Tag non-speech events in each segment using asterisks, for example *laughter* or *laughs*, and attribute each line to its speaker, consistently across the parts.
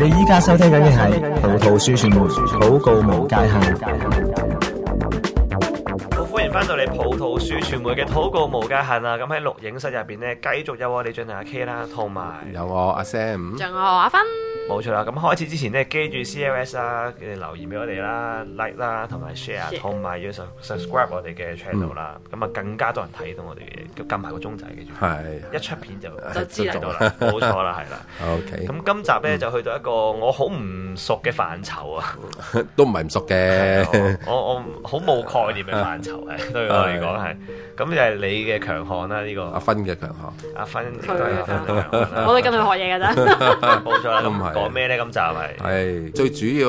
Speaker 1: 你依家收聽緊嘅係《葡萄樹傳媒》禱告無界限。好，歡迎翻到嚟《葡萄樹傳媒》嘅禱告無界限啦！咁喺錄影室入邊咧，繼續有我李俊阿 K 啦，同埋
Speaker 2: 有我阿 Sam，仲有我阿芬。
Speaker 1: 冇錯啦！咁開始之前咧，記住 CLS 啦，跟住留言俾我哋啦，like 啦，同埋 share，同埋要 sub subscribe 我哋嘅 channel 啦。咁啊、嗯嗯嗯，更加多人睇到我哋，嘅，撳埋個鐘仔，記
Speaker 2: 住。係。一
Speaker 1: 出片就就知道到啦 *laughs* 錯啦，冇錯啦，
Speaker 2: 係啦。OK。咁
Speaker 1: 今集咧、嗯、就去到一個我好唔熟嘅範疇
Speaker 2: 啊，都唔係唔熟嘅， *laughs*
Speaker 1: 我我好冇概念嘅範疇啊，對我嚟講係。咁就係你嘅強項啦，呢 *laughs* 是的 *laughs* 是的、 *laughs* 啊這個。阿
Speaker 2: 芬嘅強項。
Speaker 1: 阿芬，阿芬、啊。 *laughs* 我
Speaker 2: 哋今日學嘢㗎啫。冇 *laughs* 錯錯啦，都唔係。 *laughs* 嗯 *laughs* 嗯 *laughs* 講
Speaker 1: 咩咧？咁就係，
Speaker 2: 係最主要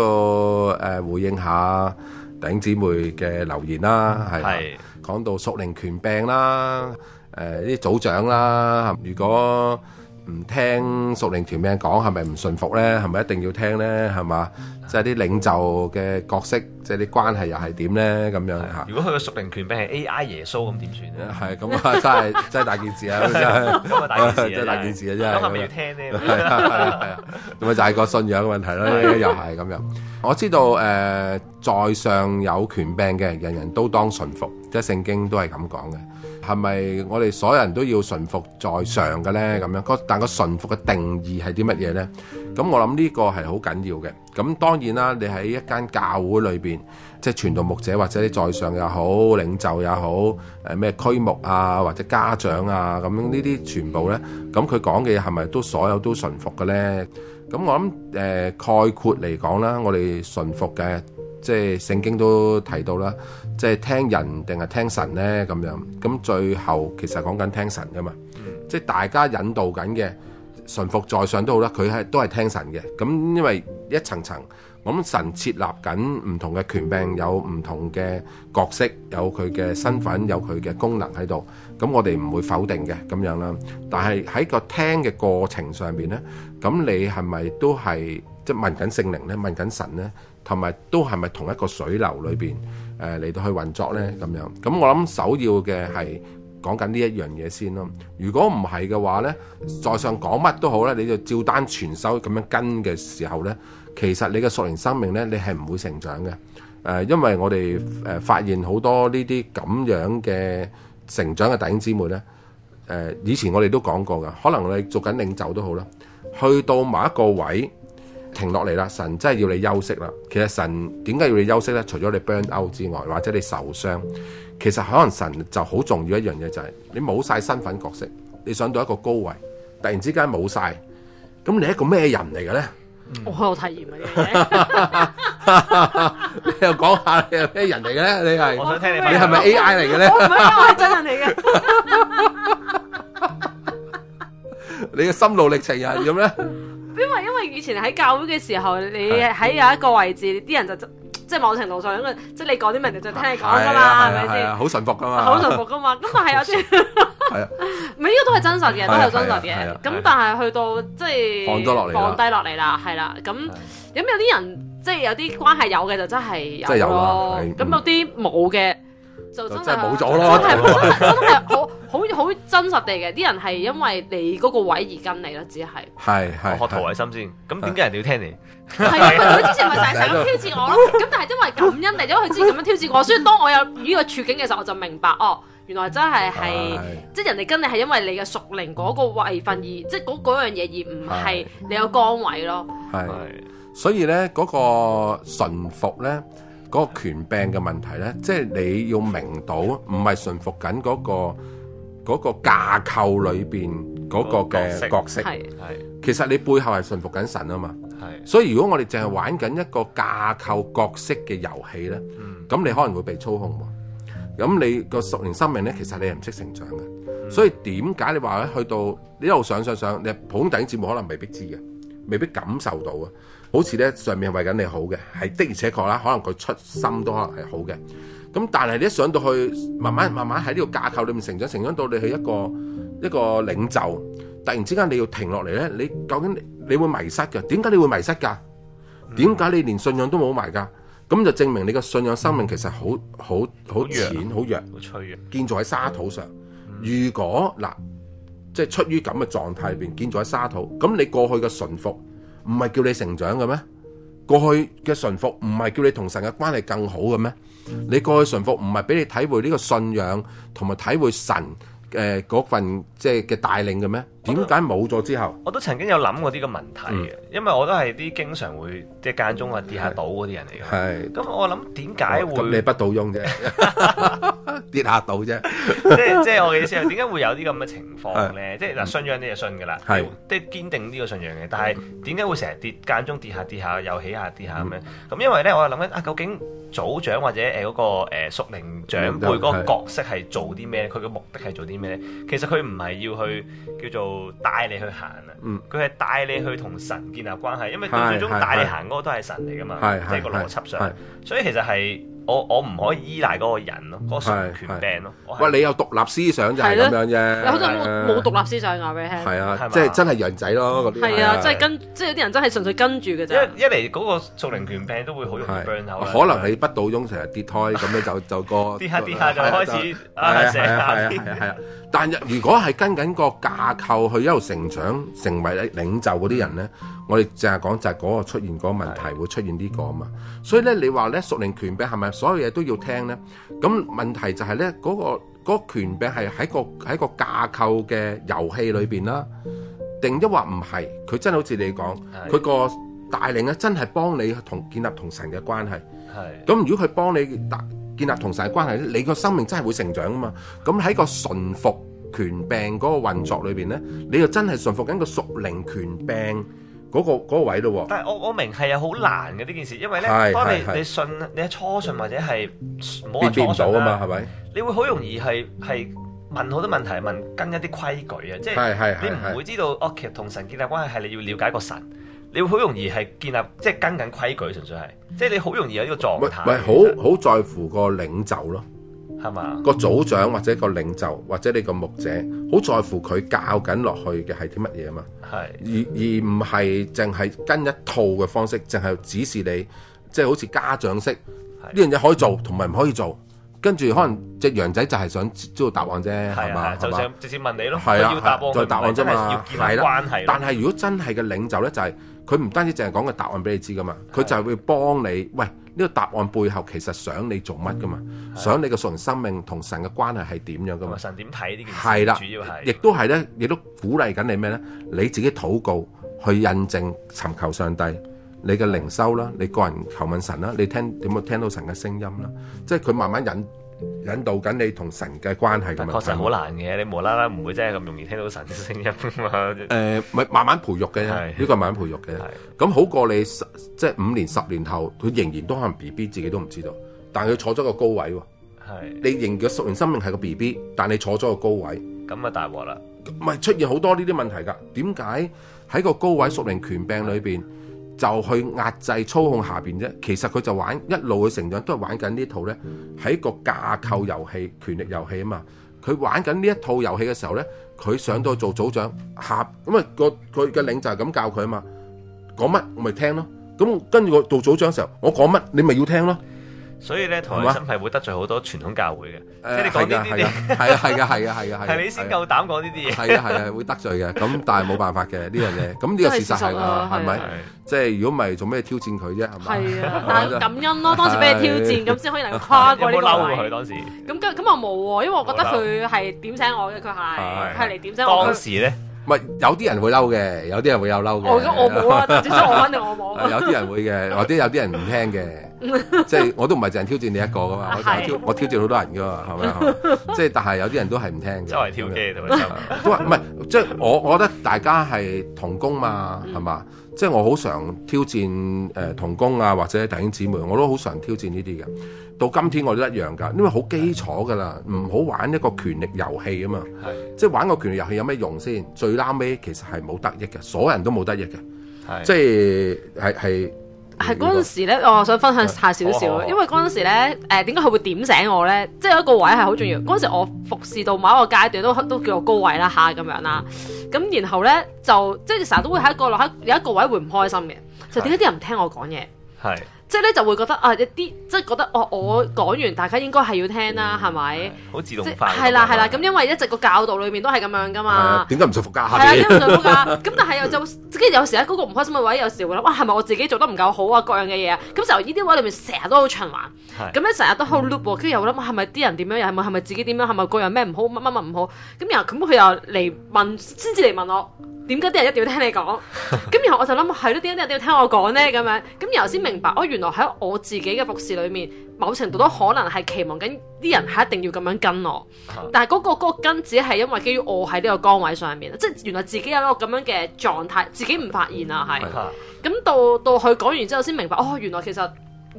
Speaker 2: 誒回應下頂姊妹嘅留言啦，係講到屬靈權柄啦，誒啲組長啦，如果。唔聽屬靈權柄講係咪唔順服咧？係咪一定要聽咧？係嘛？即係啲領袖嘅角色，即係啲關係又係點咧？咁樣吓。如
Speaker 1: 果佢個屬靈權柄係 AI 耶穌咁點算咧？係咁啊！真係真係大件事啊！真係大件事啊！真係大件事啊！真係咁啊！要聽咧。
Speaker 2: 係啊係啊，咪就係個信仰嘅問題咯，又係咁樣。我知道誒，在上有權柄嘅，人人都當順服，即係聖經都係咁講嘅。係咪我哋所有人都要順服在上嘅咧？咁樣個但個順服嘅定義係啲乜嘢咧？咁我諗呢個係好緊要嘅。咁當然啦，你喺一間教會裏邊，即係傳道牧者或者啲在上又好、領袖又好，誒咩區牧啊或者家長啊咁樣呢啲全部咧，咁佢講嘅嘢係咪都所有都順服嘅咧？咁我諗誒概括嚟講啦，我哋順服嘅。即係聖經都提到啦，即係聽人定係聽神咧咁樣。咁最後其實講緊聽神噶嘛。即係大家引導緊嘅，順服在上都好啦。佢係都係聽神嘅。咁因為一層層，咁神設立緊唔同嘅權柄，有唔同嘅角色，有佢嘅身份，有佢嘅功能喺度。咁我哋唔會否定嘅咁樣啦。但係喺個聽嘅過程上邊咧，咁你係咪都係即係問緊聖靈咧？問緊神咧？同埋都係咪同一個水流裏邊呃，嚟到去運作呢？咁樣，咁我諗首要嘅係講緊呢一樣嘢先咯。如果唔係嘅話呢，呢在上講乜都好啦，你就照單全收咁樣跟嘅時候呢，其實你嘅屬靈生命呢，你係唔會成長嘅，呃。因為我哋、呃、發現好多呢啲咁樣嘅成長嘅弟兄姊妹呢，呃、以前我哋都講過嘅，可能你做緊領袖都好啦，去到某一個位。停落嚟啦！神真係要你休息啦。其實神點解要你休息咧？除咗你 burn out 之外，或者你受傷，其實可能神就好重要一樣嘢就係你冇晒身份角色，你上到一個高位，突然之間冇晒，咁你係一個咩人嚟嘅咧？
Speaker 3: 我好有體
Speaker 2: 驗嘅，你又講下你係咩人嚟嘅咧？你係我想聽你，你係咪 AI 嚟嘅咧？唔係，我係
Speaker 4: 真人嚟嘅。
Speaker 2: 你嘅心路歷程又係咁咧？
Speaker 3: 因為因為以前喺教會嘅時候，你喺有一個位置，啲、啊、人就即即某程度上，因為即你講啲乜嘢就聽你講噶嘛，係咪先？
Speaker 2: 好信服噶嘛，好信服
Speaker 3: 噶嘛。咁但係有啲係啊，唔係呢個都係真實嘅，都係真實嘅。咁但係去到即放咗落嚟，放低落嚟啦，係啦、啊。咁咁、啊啊啊、有啲人 *noise* 即有啲關係有嘅就真係有咯，咁有啲冇嘅。就真係冇咗咯，真係真係好好好真實地嘅，啲人係因為你嗰個位而跟你咯，只係
Speaker 2: 係
Speaker 1: 係學陶偉森先，咁點解人哋要聽你？係啊，佢之
Speaker 4: 前咪成日咁挑
Speaker 3: 戰我咯，咁但係因為感恩嚟，因為佢之前咁樣挑戰我， *laughs* *laughs* *laughs* 所以當我有呢個處境嘅時候，我就明白哦，原來真係係即係人哋跟你係因為你嘅屬靈嗰個位份而即係、嗰、樣嘢而唔係你個崗位咯。
Speaker 2: 係，所以咧嗰個順服咧，嗰個權柄嘅問題咧，即係你要明到，唔係順服緊嗰個嗰個架構裏邊嗰個嘅角色。係係，其實你背後係順服緊神啊嘛。係。所以如果我哋淨係玩緊一個架構角色嘅遊戲咧，咁你可能會被操控喎。咁你個屬靈生命咧，其實你係唔識成長嘅。所以點解你話咧，去到呢一路上上上，你普通聽節目可能未必知嘅，未必感受到啊。好似咧，上面係為緊你好嘅，係的而且確啦，可能佢出心都可能係好嘅。咁但係你一上到去，慢慢慢慢喺呢個架構裏面成長成長到你係一個一個領袖，突然之間你要停落嚟咧，你究竟你會迷失嘅？點解你會迷失㗎？點解你連信仰都冇埋㗎？咁就證明你嘅信仰生命其實好好好淺好弱，好脆弱，建造喺沙土上。如果嗱，即係出於咁嘅狀態入邊建造喺沙土，咁你過去嘅順服。唔係叫你成長嘅咩？過去嘅順服唔係叫你同神嘅關係更好嘅咩？你過去順服唔係畀你體會呢個信仰同埋體會神嘅嗰份即係嘅帶領嘅咩？點解冇咗之後
Speaker 1: 我？我都曾經有諗過呢個
Speaker 2: 問題嘅、嗯，
Speaker 1: 因為我都係啲經常會即係間中啊跌下倒嗰啲人嚟嘅。係咁，我
Speaker 2: 諗，點解會咁，你不倒翁啫？ *laughs* *laughs* 跌下倒啫，即係
Speaker 1: 即係我嘅意思係點解會有啲咁嘅情況咧？即係嗱，就是，信仰你就信噶啦，係即係堅定呢個信仰嘅。但係點解會成日跌間中跌下跌下又起下跌下咁咧？咁、嗯、因為咧，我係諗緊啊，究竟組長或者誒、那、嗰個誒屬靈長輩個角色係做啲咩？佢嘅目的係做啲咩？其實佢唔係要去叫做。帶你去行啊，佢係帶你去同神建立關係，因為最終帶你行嗰個都係神嚟噶嘛，即係個邏輯上，所以其實係。我我唔可以依賴嗰個人咯，嗰個屬靈權柄
Speaker 2: 咯。喂，你有獨立思想就係咁樣啫，有好多冇冇獨
Speaker 3: 立思想話俾你聽，係
Speaker 2: 啊，即係真係羊仔咯。係啊，即係跟
Speaker 3: 即係有啲人真係純粹跟住㗎啫。一嚟嗰
Speaker 1: 個屬靈權柄都會好容易 burn
Speaker 2: out。可能你不倒翁成日跌胎，咁你就就個跌下跌下就開始啊成日跌。係啊係啊係啊！但係如果係跟緊個架構去一路成長，成為領領袖嗰啲人咧。我哋淨係講就係嗰個出現嗰個問題會出現呢個嘛，所以呢，你話呢，屬靈權柄係咪所有嘢都要聽呢？咁問題就係呢，嗰個嗰個權柄係喺個喺個架構嘅遊戲裏面啦，定一話唔係佢真係好似你講，佢個帶領真係幫你同建立同神嘅關係。
Speaker 4: 係咁，
Speaker 2: 如果佢幫你建立同神嘅關係，你個生命真係會成長啊嘛。咁喺個順服權柄嗰個運作裏面呢，你又真係順服緊個屬靈權柄。嗰個嗰個位咯，但係我
Speaker 1: 我明係有好難嘅呢件事，因為咧，當你你信你初信或者係冇變咗啊嘛，係咪？你會好容易係係問好多問題，問跟一啲規矩啊，即係你唔會知道哦。其實同神建立關係係你要了解個神，你會好容易係建立即係跟緊規矩，純粹係即係你好容易有呢個狀態，唔係好好
Speaker 2: 在乎個領袖咯。係嘛？個組長或者個領袖或者你個牧者，好在乎佢教緊落去嘅係啲乜嘢嘛？而而唔係淨係跟一套嘅方式，淨係指示你，即係好似家長式。呢樣嘢可以做，同埋唔可以做。跟住可能隻羊仔就係想知道答案啫，係嘛？就想直接問你咯，要答幫佢要答案啫嘛，要關係但係如果真係嘅領袖咧，就係。佢唔單止凈係講個答案俾你知噶嘛，佢就係會幫你，喂，呢個答案背後其實想你做乜噶嘛，想你個屬靈生命同神嘅關係係點樣噶嘛，神點
Speaker 1: 睇
Speaker 4: 呢件事？係啦，主
Speaker 2: 要係，亦都係咧，亦都鼓勵緊你咩咧？你自己禱告去印證尋求上帝，你嘅靈修啦，你個人求問神啦，你聽點樣聽到神嘅聲音啦？即係佢慢慢引。引導緊你同神嘅關係咁樣，確實好難
Speaker 1: 嘅。你無啦啦唔會真係咁容易聽到神嘅聲音啊嘛。誒
Speaker 2: *laughs* 呃，慢慢培育嘅，呢 *laughs* 個慢慢培育嘅。咁 *laughs* 好過你十即係五年，十年後，佢仍然都可能 B B 自己都唔知道，但係佢坐咗個高位。係 *laughs* 你仍然屬靈生命係個 B B，但係你坐咗個高位，咁啊大鑊啦，咪出現好多呢啲問題噶？點解喺個高位屬靈權柄裏邊？ *laughs* 就去壓制操控下邊啫，其實佢就玩一路去成長都係玩緊呢套呢，咧、嗯，係一個架構遊戲、權力遊戲啊嘛。佢玩緊呢一套遊戲嘅時候呢，佢上到佢做組長下咁啊、嗰個佢嘅領袖就係咁教佢啊嘛，講乜我咪聽咯。咁跟住我做組長嘅時候，我講乜你咪要聽咯。
Speaker 1: 所以咧，台真係會得罪好多傳統教會嘅。誒，係啊，係啊，係啊，係啊，係啊，係啊，係。係你先夠膽講呢啲嘢。係啊，係啊，
Speaker 2: 會得罪嘅。咁 *laughs* 但係冇辦法嘅呢樣嘢。咁呢個事實係㗎，係咪？即係如果唔係做咩挑戰佢啫，係咪？係啊，但係感恩咯。當時俾你挑戰，咁先可以能跨過呢位。有冇嬲佢
Speaker 3: 當時？咁咁又冇喎，因為我覺得佢係點醒我嘅。佢係係嚟點醒我。當時
Speaker 2: 咧。唔係有啲人會嬲嘅，有啲人會有嬲嘅。我我冇啦，至少我肯定我冇。有啲人會嘅，或者有啲人唔聽嘅，即係我都唔係淨係挑戰你一個噶嘛， *laughs* 我，我挑 *laughs* 我挑戰好多人噶嘛，係咪？即係但係有啲人都係唔聽嘅。周圍挑機啊，都唔係即係我，我覺得大家係同工嘛，係嘛？即 *laughs* 係我好常挑戰誒、呃、同工啊，或者弟兄姊妹，我都好常挑戰呢啲嘅。到今天我都一樣㗎，因為好基礎㗎啦，唔好玩一個權力遊戲啊嘛，即係玩個權力遊戲有咩用先？最孻尾其實係冇得益嘅，所有人都冇得益嘅，係即係係係。係嗰陣時咧，
Speaker 3: 我想分享下少少，哦、好好因為嗰陣時咧，誒點解佢會點醒我呢？即係有一個位係好重要。嗰陣時我服侍到某一個階段都都叫做高位啦嚇，咁樣啦，咁然後呢，就即係成日都會喺一個角落有一個位會唔開心嘅，就點解啲人唔聽我講嘢？係。即係咧，就會覺得啊，一啲即係覺得哦，我講完大家應該係要聽啦係咪？好、嗯、
Speaker 2: 自動化係啦
Speaker 3: 係啦，咁因為一直個教導裏面都係咁樣噶嘛。
Speaker 2: 點解唔順服㗎？係啊，點解唔順
Speaker 3: 服㗎。咁 *laughs* 但係又就即係有時喺嗰個唔開心嘅位，有時會諗哇，係咪我自己做得唔夠好啊？各樣嘅嘢咁，就由呢啲位裏面成日都好循環。係咁咧，成日都好 loop 喎。跟住又諗係咪啲人點樣？又係咪係咪自己點樣？係咪個人咩唔好乜乜乜唔好？咁然後咁佢又嚟問，先至嚟問我。點解啲人一定要聽你講？咁 *laughs* 然後我就諗係咯，點解啲人一定要聽我講咧？咁樣咁，然後先明白，我原來喺我自己嘅服侍裏面，某程度都可能係期望緊啲人係一定要咁樣跟我。但係嗰個嗰個跟只係因為基於我喺呢個崗位上面，即係原來自己有一個咁樣嘅狀態，自己唔發現啊，係咁 *laughs* 到到佢講完之後，先明白哦，原來其實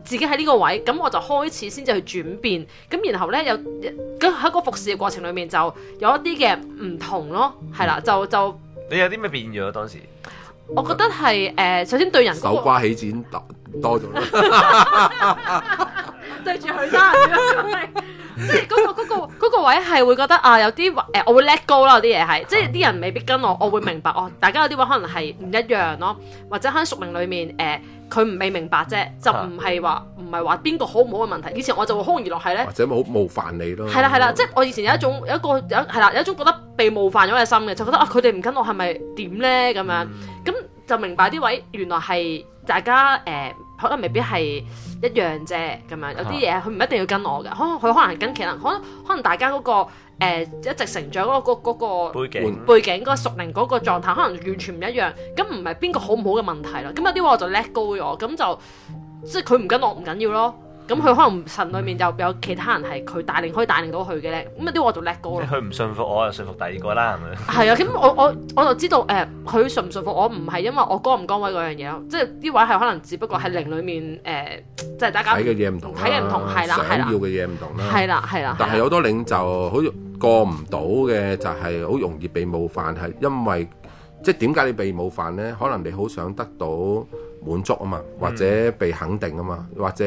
Speaker 3: 自己喺呢個位咁，我就開始先至去轉變咁。然後咧有咁喺個服侍嘅過程裏面就有一啲嘅唔同咯，係 *laughs* 啦，就就。
Speaker 1: 你有啲咩變咗、啊、當時？我覺
Speaker 3: 得係誒、呃，首先對人手瓜
Speaker 2: 起剪多多咗啦 *laughs* ，
Speaker 4: *laughs* 對住佢人。
Speaker 3: *laughs* 即係、那、嗰個、那個、那個位係會覺得啊，有啲誒、呃，我會 let go 啦，有啲嘢係，即係啲人未必跟我，我會明白，哦，大家有啲位可能係唔一樣咯，或者喺屬靈裏面，誒、呃，佢唔未明白啫，就唔係話唔係話邊個好唔好嘅問題。以前我就會好容易落，係咧，或
Speaker 2: 者好冒犯你咯。係啦係
Speaker 3: 啦， *laughs* 即係我以前有一種有一個有係啦，有一種覺得被冒犯咗嘅心嘅，就覺得啊，佢哋唔跟我係咪點咧咁樣？咁 *laughs* 就明白啲位原來係大家誒、呃，可能未必係。一樣啫，咁樣有啲嘢佢唔一定要跟我嘅，可能佢可能跟其他人，可可能大家嗰、嗰個、呃、一直成長嗰個嗰個背景背景，嗰個熟齡嗰個狀態，可能完全唔一樣。咁唔係邊個好唔好嘅問題啦。咁有啲話我就 let go 咗，咁就即係佢唔跟我唔緊要咯。咁佢可能神裏面有有其他人係佢帶領可以帶領到佢嘅咧，咁啲我就叻過咯。佢
Speaker 1: 唔信服我又信服第二個啦，係
Speaker 3: 咪？係啊，咁我我我就知道佢、呃、信唔信服我唔係因為我高唔高位嗰樣嘢咯，即係啲位係可能只不過係靈裏面即係、呃就係、大家睇嘅嘢唔同，睇嘅唔同係啦，想要嘅
Speaker 2: 嘢唔同啦，係啦，係啊啊啊、係啦。啊啊啊、但係好多領袖好過唔到嘅就係好容易被冒犯，係因為即係點解你被冒犯咧？可能你好想得到滿足啊嘛，或者被肯定啊嘛、嗯，或者。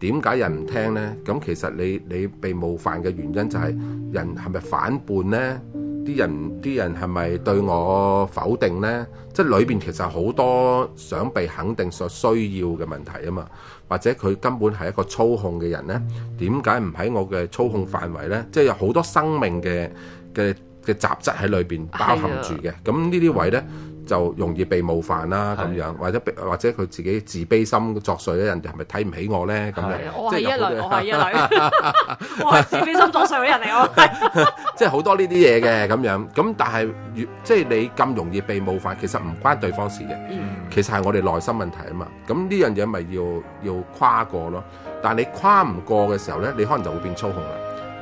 Speaker 2: 點解人唔聽呢？咁其實你你被冒犯嘅原因就係人係咪反叛呢？啲人啲人係咪對我否定呢？即係裏邊其實好多想被肯定所需要嘅問題啊嘛，或者佢根本係一個操控嘅人呢？點解唔喺我嘅操控範圍呢？即係有好多生命嘅嘅嘅雜質喺裏邊包含住嘅。咁呢啲位呢，就容易被冒犯啦，咁樣或者或者佢自己自卑心作祟咧，人哋係咪睇唔起我咧？咁啊、就是，我係一類， *laughs* *laughs* 我係一類，我係自卑心作祟嘅人嚟咯，即係好多呢啲嘢嘅咁樣咁。但係即係你咁容易被冒犯，其實唔關對方事嘅，嗯，其實係我哋內心問題啊嘛。咁呢樣嘢咪要要跨過咯，但係你跨唔過嘅時候咧，你可能就會變操控啦，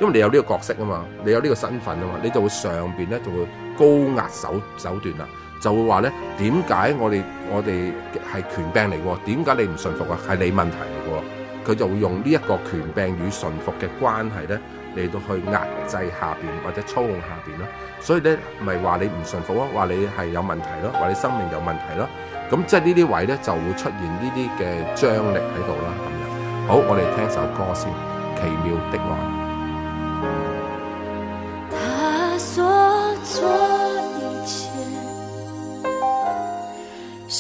Speaker 2: 因為你有呢個角色啊嘛，你有呢個身份啊嘛，你就會上邊咧就會高壓手手段啦。就會話咧，點解我哋我哋係權柄嚟嘅？點解你唔順服啊？係你問題嚟嘅。佢就會用呢一個權柄與順服嘅關係咧，嚟到去壓制下邊或者操控下邊咯。所以咧，咪係話你唔順服咯，話你係有問題咯，話你生命有問題咯。咁即係呢啲位咧，就會出現呢啲嘅張力喺度啦。咁樣，好，我哋聽首歌先，《奇妙的愛》。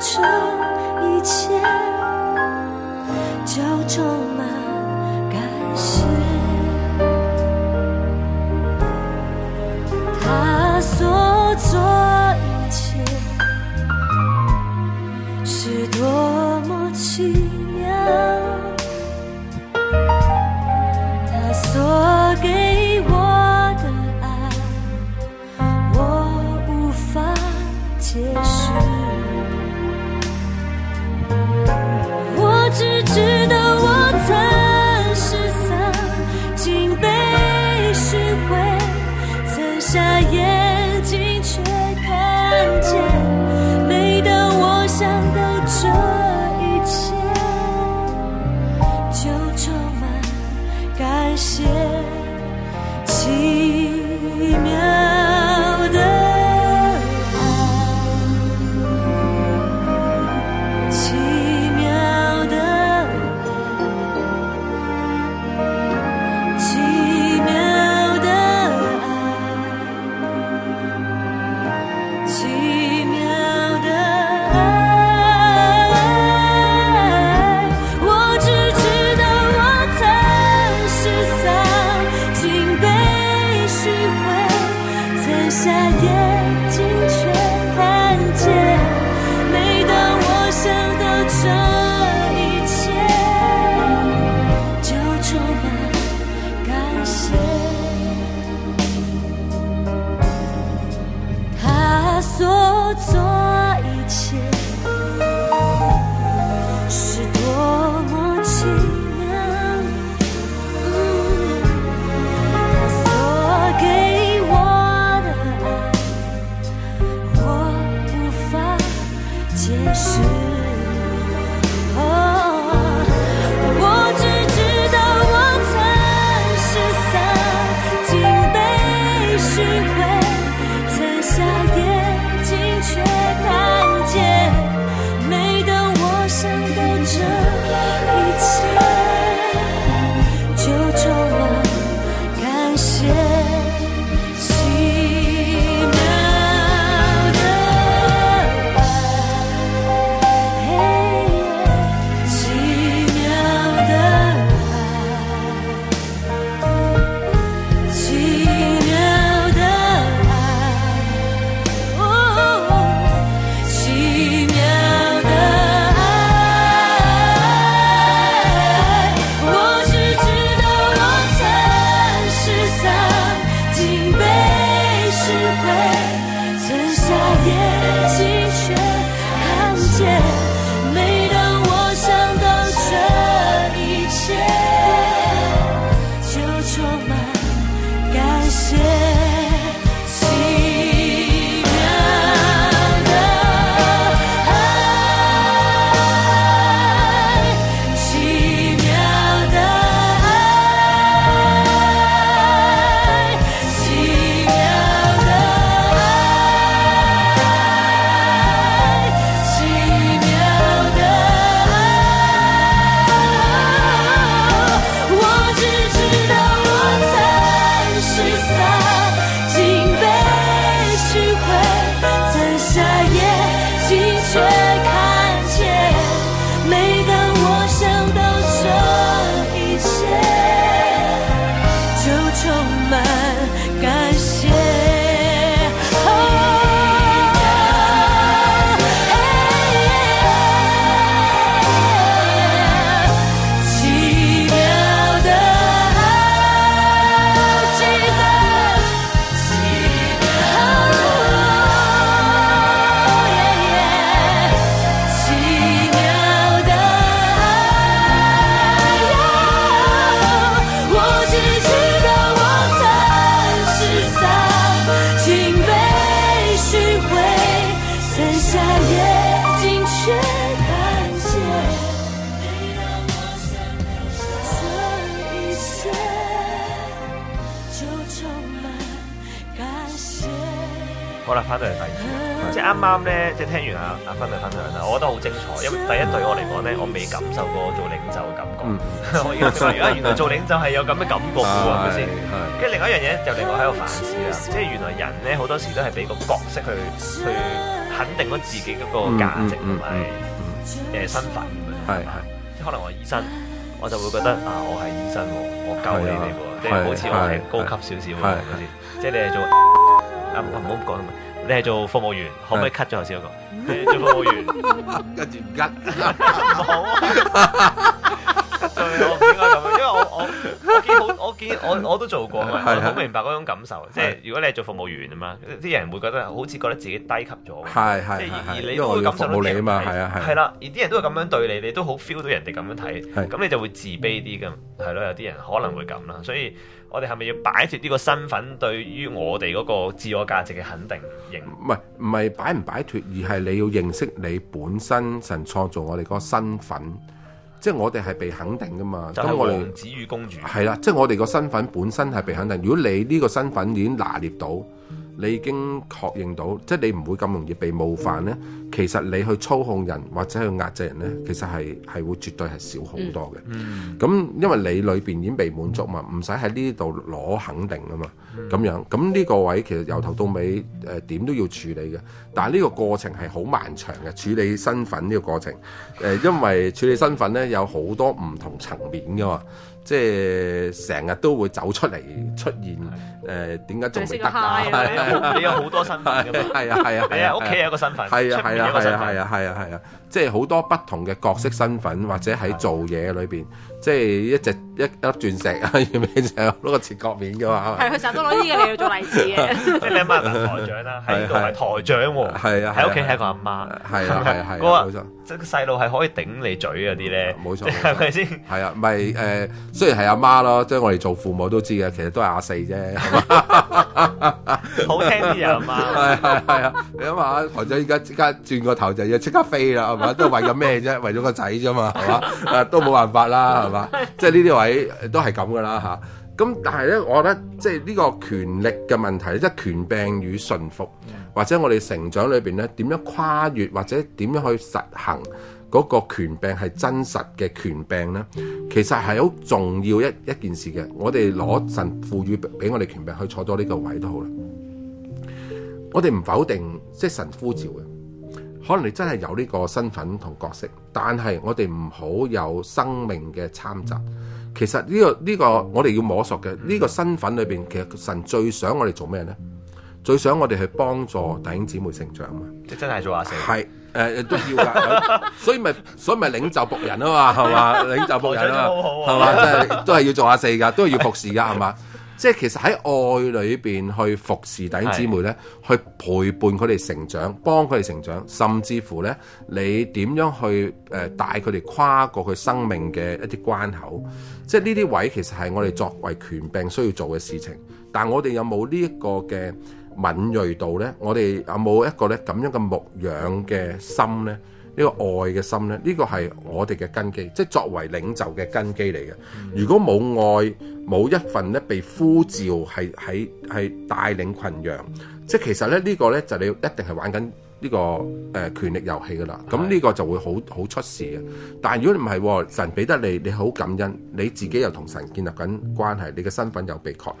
Speaker 4: 這一切，就終。
Speaker 1: 啱啱咧，即、就、係、是、聽完阿阿芬嘅分享啦，我覺得好精彩。因為第一，對我嚟講咧，我未感受過做領袖嘅感覺。嗯
Speaker 4: *laughs* 我，原來做
Speaker 1: 領袖係有咁嘅感覺嘅喎，係咪先？跟住另外一樣嘢就令我喺度反思啦。即、啊、係、就是，原來人咧好多時都係俾個角色去去肯定咗自己嗰個價值
Speaker 4: 同埋
Speaker 1: 誒身份咁樣，係、嗯、係。即、嗯嗯嗯嗯嗯，可能我係醫生，我就會覺得啊，我係醫生，我救你哋喎，即係、啊就是，好似我係高級少少咁樣，即係、就是，你係做啊啊唔好唔講。嗯嗯你係做服務員，可唔可以 cut 咗頭先嗰個 *laughs* 係？做服務
Speaker 2: 員，跟住剪 cut，唔好
Speaker 4: 啊！我
Speaker 1: 唔應該咁樣。因為我我我見好，我見我我都做過嘛，好明白嗰種感受。即係如果你係做服務員啊嘛，啲人會覺得好似覺得自己低級咗，係係。而而你會感受到服到，你啊嘛，係啊係。係啦，而啲人都係咁樣對你，你都好 feel 到人哋咁樣睇，咁你就會自卑啲咁，係咯？有啲人可能會咁啦，所以。我哋係咪要擺脫呢個身份對於我哋嗰個自我價值嘅肯定
Speaker 2: 認？唔係唔係擺唔擺脫，而係你要認識你本身神創造我哋嗰個身份，即係我哋係被肯定㗎嘛。係我哋王
Speaker 1: 子與公主係
Speaker 2: 啦，即係我哋個、啊就是、身份本身係被肯定。如果你呢個身份已經拿捏到。嗯你已經確認到，即係你唔會咁容易被冒犯呢，其實你去操控人或者去壓制人呢，其實係係會絕對係少好多嘅。咁因為你裏面已經被滿足嘛，唔使喺呢度攞肯定啊嘛。咁樣，咁呢個位其實由頭到尾誒點、呃、都要處理嘅，但係呢個過程係好漫長嘅。處理身份呢個過程、呃、因為處理身份呢，有好多唔同層面㗎嘛、啊。即係成日都會走出嚟出現，誒，點解仲未得㗎？你有好 *laughs* 多身份㗎啊啊，你啊，屋企有個身份，係啊係啊、嗯、啊啊啊，即係好多不同嘅角色身份或者喺做嘢裏邊。即係一隻一粒鑽石啊！咩嘢就攞個切割面嘅嘛？係佢成日都攞呢個嚟做例子嘅。 *laughs* 即你阿媽台長啦，係同埋台長喎、哦。係啊，喺屋企係個阿媽。係啊，
Speaker 1: 係啊。冇錯，即係細路係可以頂你嘴嗰啲咧。冇、嗯、錯，係咪
Speaker 2: 先？係 *laughs* *laughs* 啊，咪誒、 *laughs* *laughs* 就是，雖然係阿媽咯，即係我哋做父母都知嘅，其實都係阿四啫，好聽啲啊，阿媽。係係係啊！你諗下，台長而家即刻轉個頭就要即刻飛啦，係嘛？都係為咗咩啫？ *laughs* 為咗個仔啫嘛，係嘛、啊？都冇辦法啦。係 *laughs* 嘛？即係呢啲位都係咁噶啦吓。咁但係咧，我覺得即係呢個權力嘅問題，即係權柄與順服，或者我哋成長裏邊咧，點樣跨越或者點樣去實行嗰個權柄係真實嘅權柄咧？其實係好重要一一件事嘅。我哋攞神賦予俾我哋權柄去坐到呢個位都好啦。我哋唔否定，即係神呼召我。可能你真係有呢個身份同角色，但係我哋唔好有生命嘅參雜。其實呢、這個呢、這個我哋要摸索嘅呢個身份裏邊，其實神最想我哋做咩呢？最想我哋去幫助弟兄姊妹成長嘛？即真係做下四係誒都要 *laughs* 所，所以咪所以咪領袖僕人啊嘛係嘛，領袖僕人 *laughs* 啊嘛係嘛，真係都係要做下四噶， *laughs* 都係要服侍噶係嘛。 *laughs* 即係其實喺愛裏邊去服侍弟兄姊妹咧，去陪伴佢哋成長，幫佢哋成長，甚至乎咧，你點樣去誒帶佢哋跨過佢生命嘅一啲關口？即係呢啲位其實係我哋作為權柄需要做嘅事情，但我哋有冇呢一個嘅敏銳度咧？我哋有冇一個咧咁樣嘅牧養嘅心咧？呢、這個愛嘅心咧，呢、這個係我哋嘅根基，即係作為領袖嘅根基嚟嘅。如果冇愛，冇一份咧被呼召是，係喺係帶領群羊，即係其實咧呢、這個咧就是、你一定係玩緊呢、這個誒、呃、權力遊戲噶啦。咁呢個就會好好出事嘅。但係如果你唔係，神俾得你，你好感恩，你自己又同神建立緊關係，你嘅身份又被確立。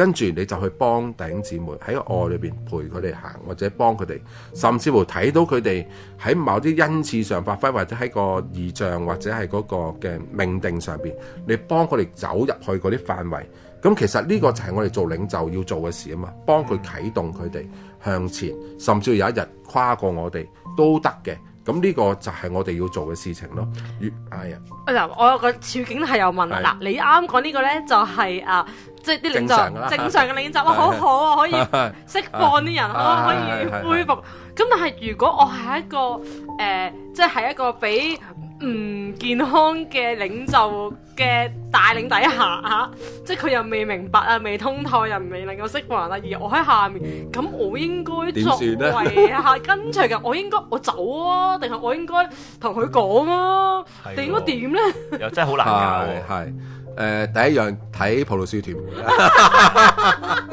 Speaker 2: 跟住你就去幫弟兄姊妹喺個愛裏面陪佢哋行，或者幫佢哋，甚至乎睇到佢哋喺某啲恩賜上發揮，或者喺個異象或者係嗰個嘅命定上面，你幫佢哋走入去嗰啲範圍。咁其實呢個就係我哋做領袖要做嘅事啊嘛，幫佢啟動佢哋向前，甚至有一日跨過我哋都得嘅。咁呢個就係我哋要做嘅事情咯。係、哎、啊，
Speaker 3: 嗱、就是，我個處境係有問題。嗱，你啱講呢個咧，就係啊，即係啲領執正常嘅領執，哇，好好啊，我可以
Speaker 4: 釋放啲人，的好好我可以恢復。
Speaker 3: 咁但係如果我係一個誒，即、呃、係、就是、一個比。唔健康嘅領袖嘅帶領底下，即係佢又未明白啊，未通透，又未能夠釋懷啦。而我喺下面，咁我應該作為下 *laughs* 跟隨嘅，我應該我走啊，定係我應該同佢講啊？定應該點咧？又
Speaker 2: 真係好難噶，係誒、呃，第一樣睇普羅斯的團，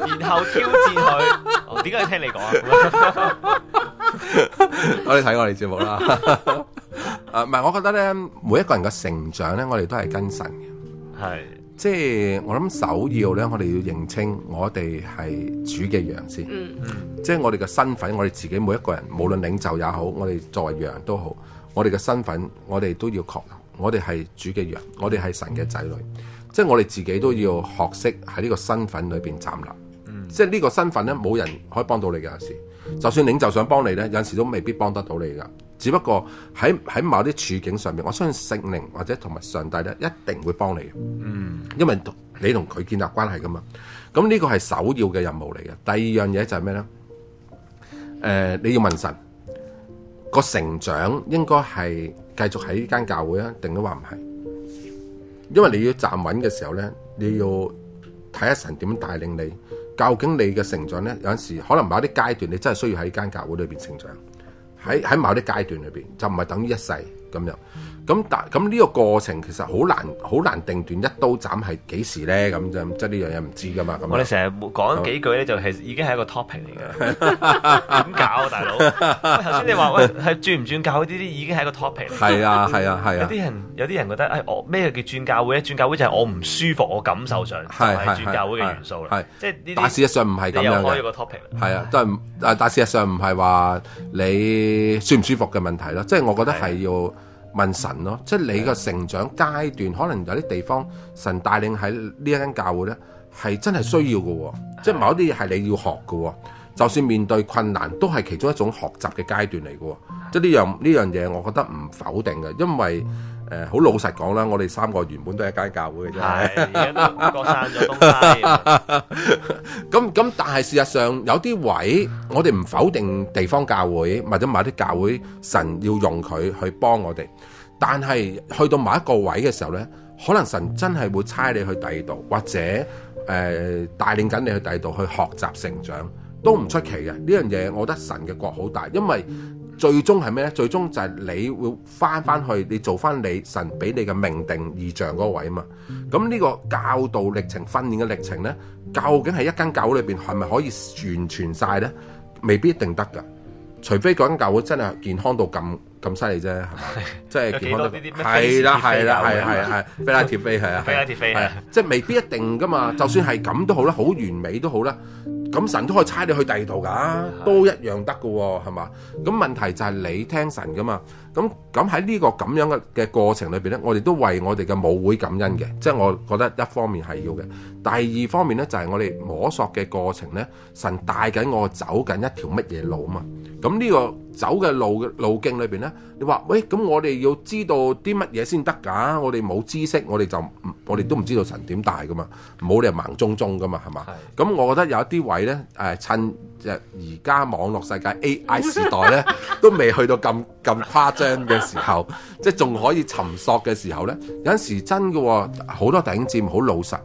Speaker 2: *laughs* 然後挑戰佢。點 *laughs* 解、哦、要聽你講啊？ *laughs* *laughs* 我哋睇我哋節目啦。 *laughs* 誒、呃，唔係，我覺得咧，每一個人嘅成長咧，我哋都係跟神嘅，係，即係我諗首要咧，我哋要認清我哋係主嘅羊先，嗯
Speaker 4: 嗯，
Speaker 2: 即係我哋嘅身份，我哋自己每一個人，無論領袖也好，我哋作為羊都好，我哋嘅身份，我哋都要確立。我哋係主嘅羊，我哋係神嘅仔女，即係我哋自己都要學識喺呢個身份裏邊站立，嗯、即係呢個身份咧，冇人可以幫到你嘅，有時，就算領袖想幫你咧，有陣時都未必幫得到你噶。只不過喺喺某啲處境上面，我相信聖靈或者同埋上帝咧，一定會幫你。嗯，因為你同佢建立關係噶嘛。咁呢個係首要嘅任務嚟嘅。第二樣嘢就係咩咧？誒、呃，你要問神個成長應該係繼續喺呢間教會啊，定都話唔係？因為你要站穩嘅時候咧，你要睇下神點帶領你。究竟你嘅成長咧，有陣時可能某啲階段，你真係需要喺間教會裏邊成長。喺喺某啲階段裏邊，就唔係等於一世咁樣。嗯咁但咁呢個過程其實好難好難定斷一刀斬係幾時咧，咁就，即係呢樣嘢唔知噶嘛。咁我哋成日講幾句
Speaker 1: 咧，就係已經係一個 topic 嚟嘅。點 *laughs* 搞啊，大佬？頭 *laughs* 先你話喂係轉唔轉教會呢啲已經係一個 topic。係啊，係啊，係啊、嗯、啊，啊。有啲人有啲人覺得誒、哎、我咩叫轉教會咧？轉教會就係我唔舒服，我感受上係轉教會嘅元素啦。係、啊啊啊啊、即係呢、嗯啊哎啊。但事實上唔係咁樣。又開咗個 topic。係
Speaker 2: 啊，都係誒，但事實上唔係話你舒唔舒服嘅問題咯。即係我覺得係要。問神咯，即係你個成長階段，可能有啲地方神帶領喺呢一間教會咧，係真係需要嘅喎、哦。即係某啲嘢係你要學嘅喎、哦，就算面對困難都係其中一種學習嘅階段嚟嘅喎。即係呢樣呢樣嘢，我覺得唔否定嘅，因為。誒、呃、好老實講啦，我哋三個原本都係一間教會嘅啫，係，而家都各散東西。咁咁， *laughs* 但係事實上有啲位，我哋唔否定地方教會，或者某啲教會，神要用佢去幫我哋。但係去到某一個位嘅時候呢，可能神真係會差你去第二度，或者誒帶、呃、領緊你去第二度去學習成長，都唔出奇嘅。呢樣嘢我覺得神嘅國好大，因為。最終係咩咧？最終就係你會返返去，你做返你神俾你嘅命定異象嗰個位啊嘛。咁呢個教導歷程、訓練嘅歷程咧，究竟係一間教會裏邊係咪可以完全晒咧？未必一定得噶。除非嗰間教會真係健康到咁咁犀利啫，係嘛？即係健康到呢啲咩？係啦，係 *laughs* 啦，係係係。非拉鐵非係啊，非拉鐵非係啊，即係、就是、未必一定噶嘛。 *noise* 就算係咁都好啦，好完美都好啦。咁神都可以差你去第二度㗎，都一樣得㗎喎，係嘛？咁問題就係你聽神㗎嘛。咁咁喺呢個咁樣嘅嘅過程裏面，呢我哋都為我哋嘅母會感恩嘅，即係我覺得一方面係要嘅。第二方面呢，就係我哋摸索嘅過程呢，神帶緊我走緊一條乜嘢路啊嘛？咁呢個走嘅路路徑裏邊呢，你話喂，咁我哋要知道啲乜嘢先得㗎？我哋冇知識，我哋就我哋都唔知道神點帶㗎嘛？冇理由盲蹤蹤㗎嘛？係嘛？咁我覺得有一啲位呢，誒趁。即係而家網絡世界 AI 時代咧， *laughs* 都未去到咁咁誇張嘅時候，即係仲可以尋索嘅時候咧。有陣時真嘅、哦，好多頂尖好老實，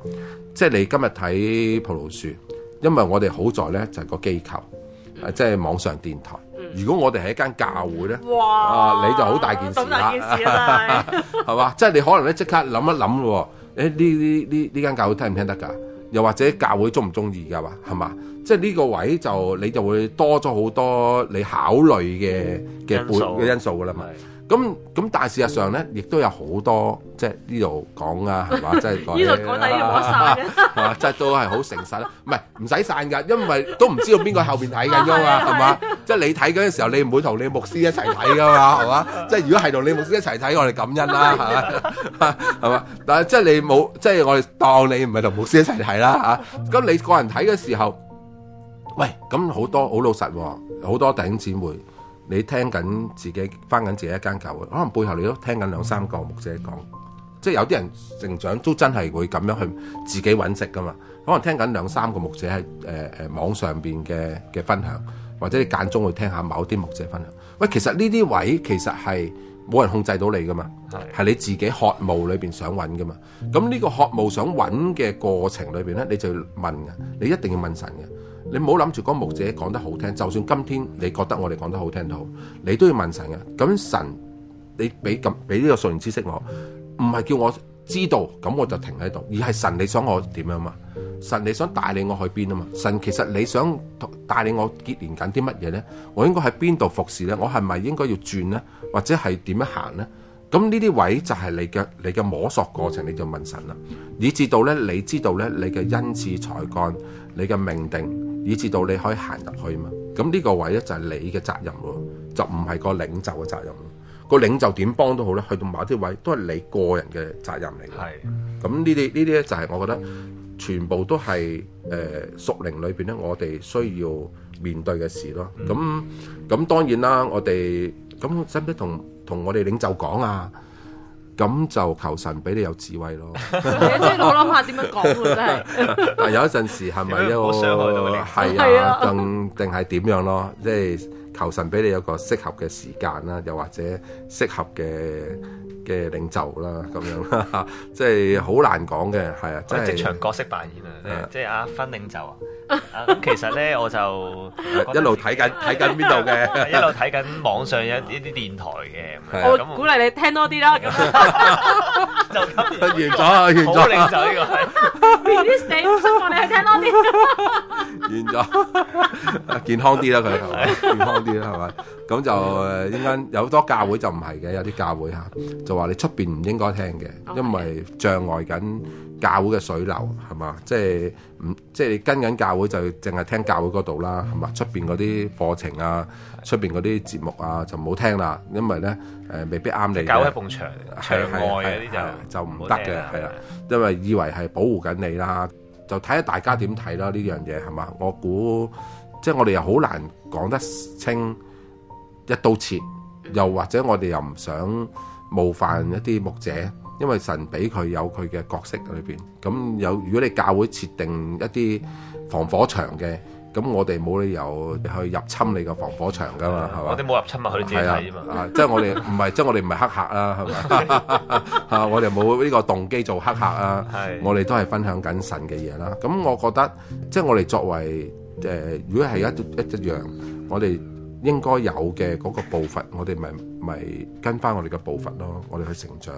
Speaker 2: 即係你今日睇葡萄樹，因為我哋好在咧就係個機構，嗯、即係網上電台。嗯、如果我哋係一間教會咧，哇，啊、你就好大件事啦，係嘛、啊？ *laughs* *laughs* 即係你可能咧即刻諗一諗喎，呢呢呢呢間教會能能聽唔聽得㗎？又或者教會鍾唔鍾意㗎嘛，係嘛？即係呢個位就你就會多咗好多你考慮嘅嘅背嘅因素㗎啦嘛。咁咁，但係事實上咧，亦都有好多即係呢度講啊，係嘛？即係呢度講底要攞散嘅，即係都係好誠實啦。唔係唔使散噶，因為都唔知道邊個喺後邊睇緊㗎嘛，係 *laughs* 嘛？即係你睇嗰陣時候，你唔會同你牧師一齊睇㗎嘛，係嘛？ *laughs* 即係如果係同你牧師一齊睇，我哋感恩啦，係 *laughs* 嘛是的？係 *laughs* 嘛？但係即係你冇，即係我哋當你唔係同牧師一齊睇啦嚇。咁、啊、你個人睇嘅時候，喂，咁好多好老實喎，好多弟兄姊妹。你聽緊，自己翻緊自己一間教會，可能背後你都聽緊兩三個牧者講，即係有啲人成長都真係會咁樣去自己揾食噶嘛。可能聽緊兩三個牧者喺誒誒網上邊嘅嘅分享，或者你間中會聽下某啲牧者分享。喂，其實呢啲位其實係冇人控制到你噶嘛，係你自己渴慕裏邊想揾噶嘛。咁呢個渴慕想揾嘅過程裏邊咧，你就要問嘅，你一定要問神嘅。你唔好諗住嗰牧者講得好聽，就算今天你覺得我哋講得好聽都好，你都要問神啊。咁神你俾咁俾呢個聖言知識我，唔係叫我知道，咁我就停喺度，而係神你想我點樣嘛？神你想帶領我去邊啊嘛？神其實你想帶領我結連緊啲乜嘢呢？我應該喺邊度服侍呢？我係咪應該要轉呢？或者係點樣行呢？咁呢啲位就係你嘅你嘅摸索過程，你就問神啦，以至到呢，你知道呢，你嘅恩賜才幹，你嘅命定。以至到你可以行入去嘛？咁呢個位咧就係你嘅責任喎，就唔係個領袖嘅責任。個領袖點幫都好咧，去到某啲位都係你個人嘅責任嚟。係。咁呢啲呢啲咧就係我覺得全部都係誒、呃、屬靈裏邊咧，我哋需要面對嘅事咯。咁、嗯、咁當然啦，我哋咁使唔使同同我哋領袖講啊？咁就求神俾你有智慧咯。即係我
Speaker 4: 諗下點樣講喎，真係。但有一陣時係咪一個係啊？ *laughs* 係呀 *laughs*
Speaker 2: 更定係點樣咯？即係。求神俾你有個適合嘅時間啦，又或者適合嘅嘅領袖啦，咁樣啦，即係好難講嘅，係啊，即係職場
Speaker 1: 角色扮演啊，即係阿芬領袖啊，咁其實咧我就一路睇緊睇緊邊度嘅，一路睇緊網上一一啲電台嘅咁樣，
Speaker 3: 咁鼓勵你聽多啲啦，咁
Speaker 2: 就完咗，完咗，好領袖呢個
Speaker 3: 係，release 放你去聽多
Speaker 2: 啲，完咗，健康啲啦佢，健康。啲 *laughs* 啦，係嘛？咁就應該有好多教會就唔係嘅？有啲教會吓就話你出面唔應該聽嘅，因為障礙緊教會嘅水流，係嘛？即係唔即係跟緊教會就淨係聽教會嗰度啦，係嘛？出面嗰啲課程啊，出面嗰啲節目啊，就唔好聽啦，因為咧、呃、未必啱你嘅。教會一埲牆，牆外啲、啊、就的的就唔得嘅，係啦，因為以為係保護緊你啦，就睇下大家點睇啦呢樣嘢，係嘛？我估。即係我哋又好難講得清一刀切，又或者我哋又唔想冒犯一啲牧者，因為神俾佢有佢嘅角色裏面。咁有如果你教會設定一啲防火牆嘅，咁我哋冇理由去入侵你個防火牆噶嘛，係、啊、嘛？我哋
Speaker 1: 冇入侵啊，佢哋自己睇啫嘛。啊，啊 *laughs* 即係我哋
Speaker 2: 唔係， *laughs* 即係我哋唔係黑客啦，係咪？啊， *laughs* *laughs* *laughs* 我哋冇呢個動機做黑客啊。 *laughs* 我哋都係分享緊神嘅嘢啦。咁我覺得，即係我哋作為。誒，如果係一一一,一樣，我哋應該有嘅嗰個步伐，我哋咪咪跟返我哋嘅步伐咯，我哋去成長。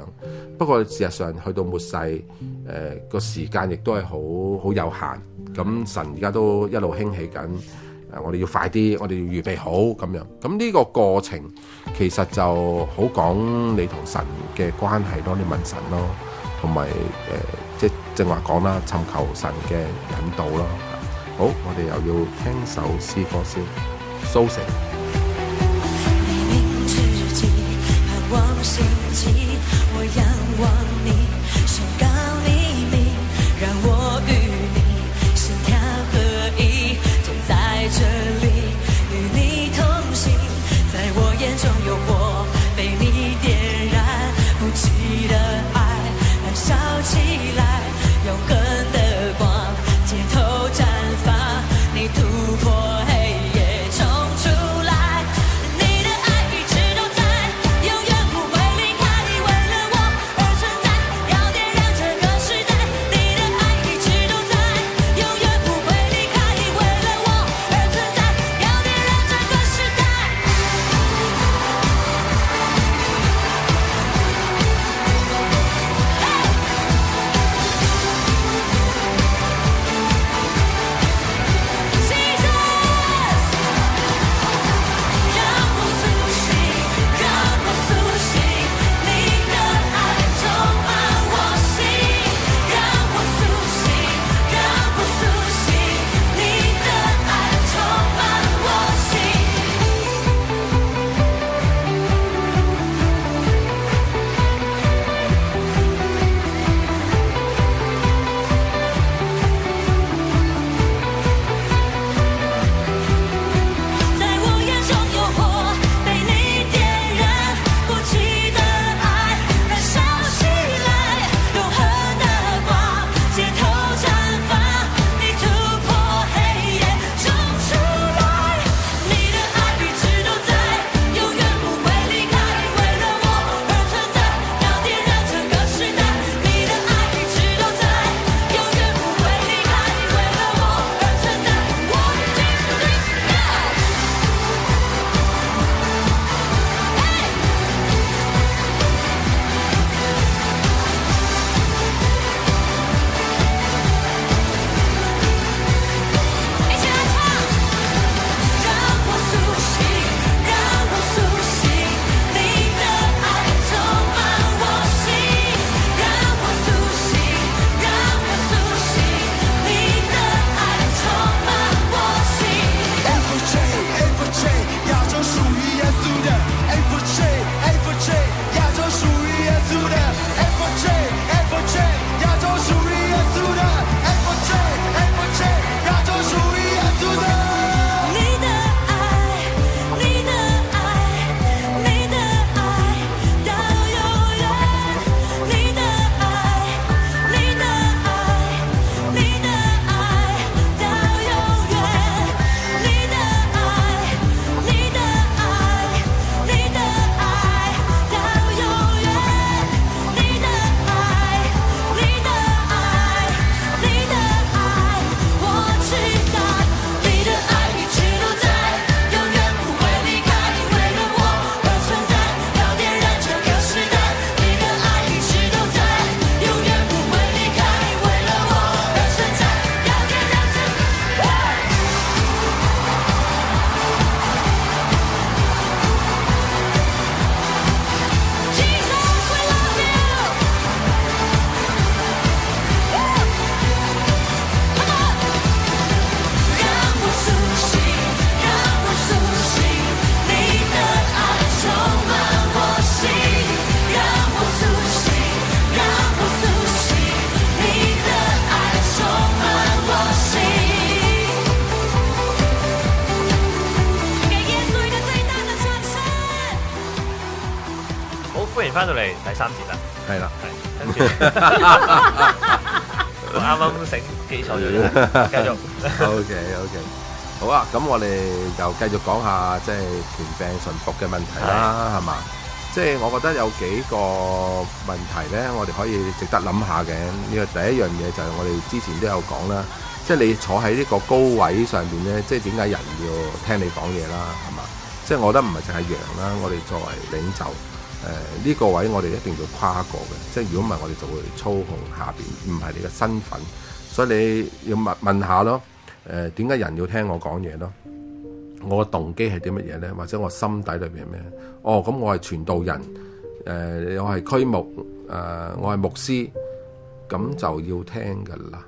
Speaker 2: 不過事實上，去到末世，誒、呃、個時間亦都係好好有限。咁神而家都一路興起緊，誒、呃、我哋要快啲，我哋要預備好咁樣。咁呢個過程其實就好講你同神嘅關係多啲問神咯，同埋誒即係正話講啦，尋求神嘅引導咯。好，我哋又要聽首詩歌先，蘇醒。
Speaker 1: 啱啱醒記錯咗，繼
Speaker 2: 續。O K O K，好啊，咁我哋又繼續講下即係權柄順服嘅問題啦，係嘛？即係我覺得有幾個問題咧，我哋可以值得諗下嘅。呢個第一樣嘢就係我哋之前都有講啦，即係你坐喺呢個高位上邊咧，即係點解人要聽你講嘢啦？係嘛？即係我覺得唔係淨係羊啦，我哋作為領袖。誒、呃，呢個位我哋一定要跨過嘅，即係如果唔係我哋就會操控下邊，唔係你嘅身份，所以你要問問下咯。誒、呃，點解人要聽我講嘢咯？我嘅動機係啲乜嘢咧？或者我心底裏邊係咩？哦、喔，咁我係傳道人，誒、呃，我係區牧，誒、呃，我係牧師，咁就要聽噶啦，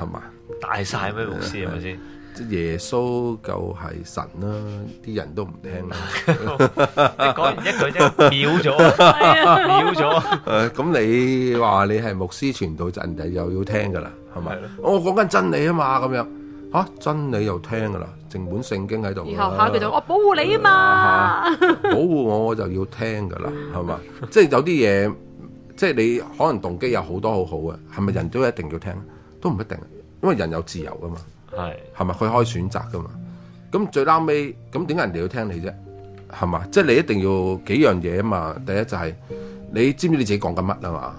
Speaker 2: 係嘛？大晒咩牧師係咪先？是啊是啊是啊。即耶穌就係神啦、啊，啲人都唔聽啦。講 *laughs* 完一句啫， *laughs* 秒咗秒咗誒，咁、 *laughs* 嗯、你話你係牧師傳道，就人哋又要聽噶啦，係咪？我講緊真理啊嘛，咁樣吓、啊、真理又聽噶啦，整本聖經喺度。然後下佢就說
Speaker 3: 我保護你啊嘛，
Speaker 2: 啊保護我我就要聽噶啦，係嘛？ *laughs* 即係有啲嘢，即係你可能動機有好多好好嘅，係咪人都一定要聽？都唔一定，因為人有自由噶嘛。係，係咪佢可以選擇噶嘛？咁最 last 尾，咁點解人哋要聽你啫？係嘛，即係你一定要幾樣嘢啊嘛。第一就係你知唔知你自己講緊乜啊嘛？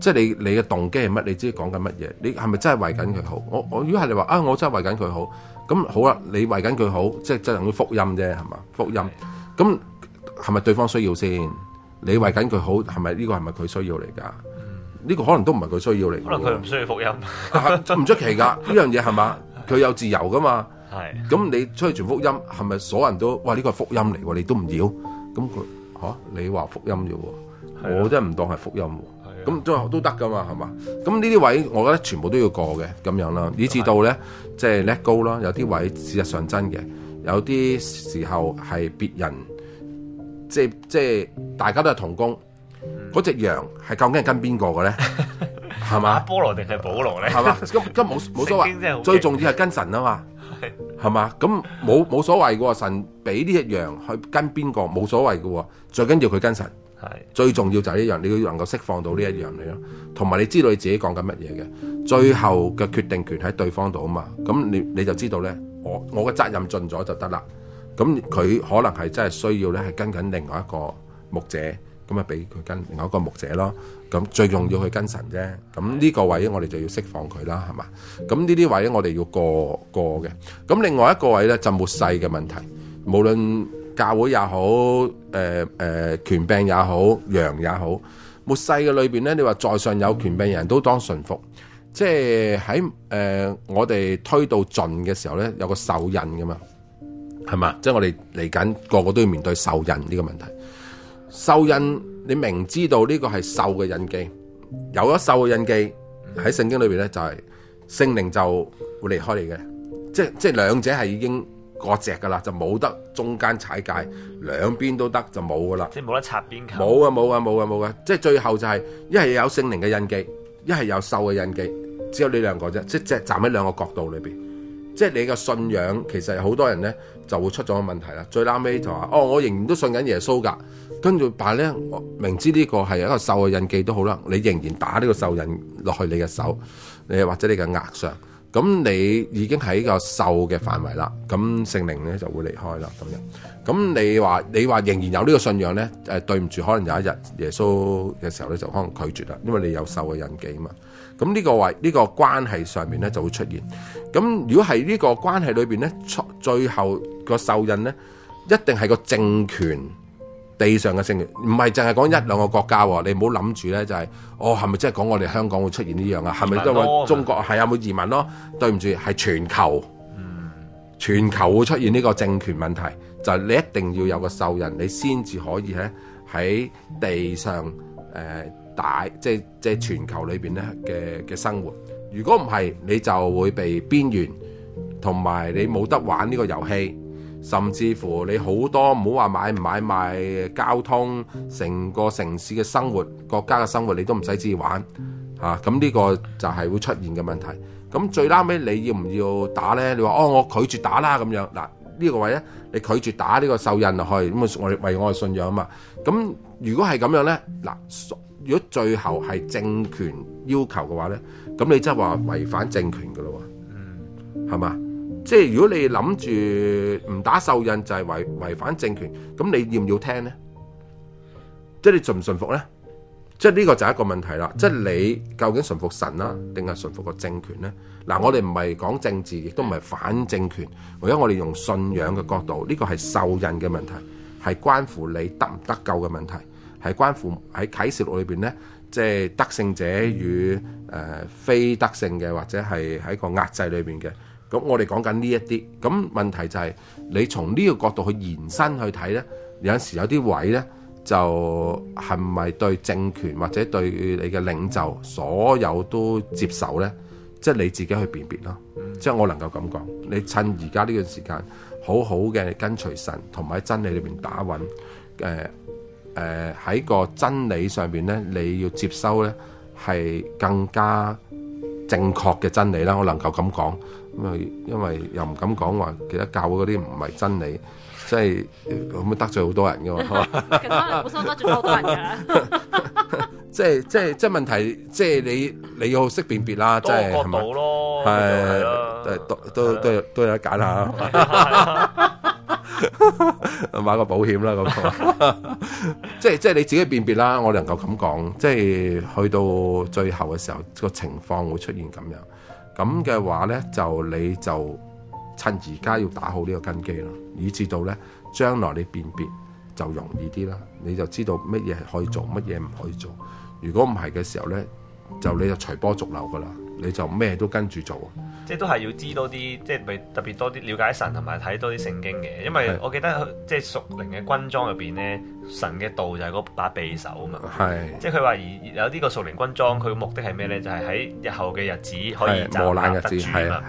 Speaker 2: 即係你你嘅動機係乜？你自己講緊乜嘢？你係咪真係為緊佢好？我我如果係你話啊，我真係為緊佢好，咁好啦，你為緊佢好，即係就等於福音啫，係嘛？福音，咁係咪對方需要先？你為緊佢好，係咪呢個係咪佢需要嚟噶？呢個可能都唔係佢需要嚟。可能佢唔需要福音，真唔出奇噶呢樣嘢係嘛？佢有自由噶嘛？係咁你出去傳福音，係咪所有人都哇呢個福音嚟喎？你都唔要咁佢吓？你話福音啫喎、啊？我真係唔當係福音喎。咁、啊、都都得噶嘛？係嘛？咁呢啲位，我覺得全部都要過嘅咁樣啦。以至到咧，即係 let go 啦，有啲位事實上真嘅，有啲時候係別人，即係即係大家都係同工，嗰、嗯、隻羊係究竟係跟邊個嘅咧？ *laughs* 係嘛？亞
Speaker 1: 波羅定係保羅咧？
Speaker 2: 係嘛？咁咁冇冇所謂？最重要係跟神啊嘛，係嘛？咁冇冇所謂噶？神俾呢一樣去跟邊個冇所謂噶？最緊要佢跟神，係最重要就係呢樣，你要能夠釋放到呢一樣嚟咯，同埋你知道你自己講緊乜嘢嘅，最後嘅決定權喺對方度啊嘛，咁你你就知道咧，我我嘅責任盡咗就得啦，咁佢可能係真係需要咧，係跟緊另外一個牧者。咁咪俾佢跟另外一個牧者咯，咁最重要去跟神啫。咁呢個位我哋就要釋放佢啦，係嘛？咁呢啲位我哋要過過嘅。咁另外一個位咧就末世嘅問題，無論教會也好，誒、呃、誒、呃、權柄也好，羊也好，末世嘅裏面咧，你話在上有權柄人都當順服，即係喺誒我哋推到盡嘅時候咧，有個受印㗎嘛，係嘛？即係我哋嚟緊個個都要面對受印呢個問題。受印，你明知道呢個係受嘅印記，有咗受嘅印記，喺聖經裏邊咧就係聖靈就會離開你嘅，即係即係兩者係已經割席噶啦，就冇得中間踩界，兩邊都得就冇噶啦。
Speaker 1: 即係冇得插邊。冇啊
Speaker 2: 冇啊冇啊冇啊，即係最後就係一係有聖靈嘅印記，一係有受嘅印記，只有呢兩個啫，即係站喺兩個角度裏邊，即係你嘅信仰其實好多人咧。就會出咗個問題啦。最拉尾就話：哦，我仍然都信緊耶穌㗎。跟住，但係，咧，我明知呢個係一個獸嘅印記都好啦，你仍然打呢個獸印落去你嘅手，你或者你嘅額上。咁你已經喺個獸嘅範圍啦。咁聖靈咧就會離開啦咁樣。咁你話你話仍然有呢個信仰咧？誒、呃，對唔住，可能有一日耶穌嘅時候咧，就可能拒絕啦，因為你有獸嘅印記啊嘛。咁呢個位呢、呢個關係上面咧就會出現。咁如果係呢個關係裏面咧，最最後。個獸印咧，一定係個政權，地上嘅政權，唔係淨係講一兩個國家。你唔好諗住咧，就係哦，係咪真係講我哋香港會出現呢樣啊？係咪都係中國？係啊，冇移民咯。對唔住，係全球、嗯，全球會出現呢個政權問題。就係，你一定要有個獸印，你先至可以喺喺地上誒、呃、大，即係即係全球裏邊咧嘅嘅生活。如果唔係，你就會被邊緣，同埋你冇得玩呢個遊戲。嗯甚至乎你好多唔好話買唔買埋交通，成個城市嘅生活、國家嘅生活，你都唔使自玩吓。啊，咁呢個就係會出現嘅問題。咁最拉尾你要唔要打呢？你話哦，我拒絕打啦咁樣。嗱呢個位呢，你拒絕打呢個受印落去咁啊！我哋為我嘅信仰啊嘛。咁如果係咁樣呢？嗱，如果最後係政權要求嘅話呢，咁你即係話違反政權㗎咯喎。嗯，係嘛？即係如果你諗住唔打受印就係違違反政權，咁你要唔要聽呢？即係你順唔順服呢？即係呢個就係一個問題啦、嗯。即係你究竟順服神啦、啊，定係順服個政權呢？嗱，我哋唔係講政治，亦都唔係反政權，而家我哋用信仰嘅角度，呢、呢個係受印嘅問題，係關乎你得唔得救嘅問題，係關乎喺啟示錄裏邊呢，即係得勝者與誒、呃、非得勝嘅，或者係喺個壓制裏邊嘅。咁我哋講緊呢一啲咁問題，就係你從呢個角度去延伸去睇呢，有時有啲位呢就係咪對政權或者對你嘅領袖所有都接受呢？即係你自己去辨別咯。即係我能夠咁講，你趁而家呢段時間好好嘅跟隨神同埋真理裏面打穩誒誒喺個真理上面呢，你要接收呢係更加正確嘅真理啦。我能夠咁講。因為又唔敢講話，其他教會嗰啲唔係真理，即係咁樣得罪好多人噶嘛，得罪好多人嘅，即係即係即係問題，即係你你要識辨別啦，即係係咯，啊啊啊啊啊、都都都、啊、都有得揀吓，啦啊、 *laughs* 買個保險啦咁，即係即係你自己辨別啦，我能夠咁講，即係去到最後嘅時候，個情況會出現咁樣。咁嘅話咧，就你就趁而家要打好呢個根基啦，以至到咧將來你辨別就容易啲啦，你就知道乜嘢係可以做，乜嘢唔可以做。如果唔係嘅時候咧，就你就隨波逐流噶啦，你就咩都跟住做。
Speaker 1: 即係都係要知多啲，即係特別多啲了解神同埋睇多啲聖經嘅，因為我記得即係屬靈嘅軍裝入面咧。神嘅道就係嗰把匕首啊嘛，即係佢話而有呢個屬靈軍裝，佢目的係咩咧？就係、是、喺日後嘅日子可以
Speaker 2: 站得住啊，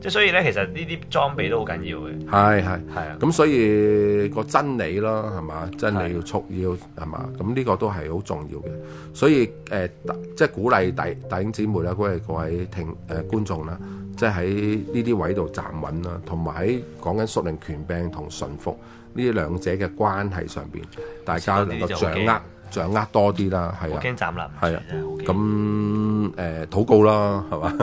Speaker 2: 即係
Speaker 1: 所以咧，其實呢啲裝備都好緊要嘅。
Speaker 2: 係係係啊，咁所以個真理咯，係嘛？真理要束腰係嘛？咁呢個都係好重要嘅。所以誒，即、呃、係、就是、鼓勵大弟兄姊妹啦，鼓勵各位聽誒、呃、觀眾啦，即係喺呢啲位度站穩啦，同埋喺講緊屬靈權柄同順服。呢兩者嘅關係上邊，大家能夠掌握掌握多啲啦，係啊，係啊，咁誒禱告啦，係嘛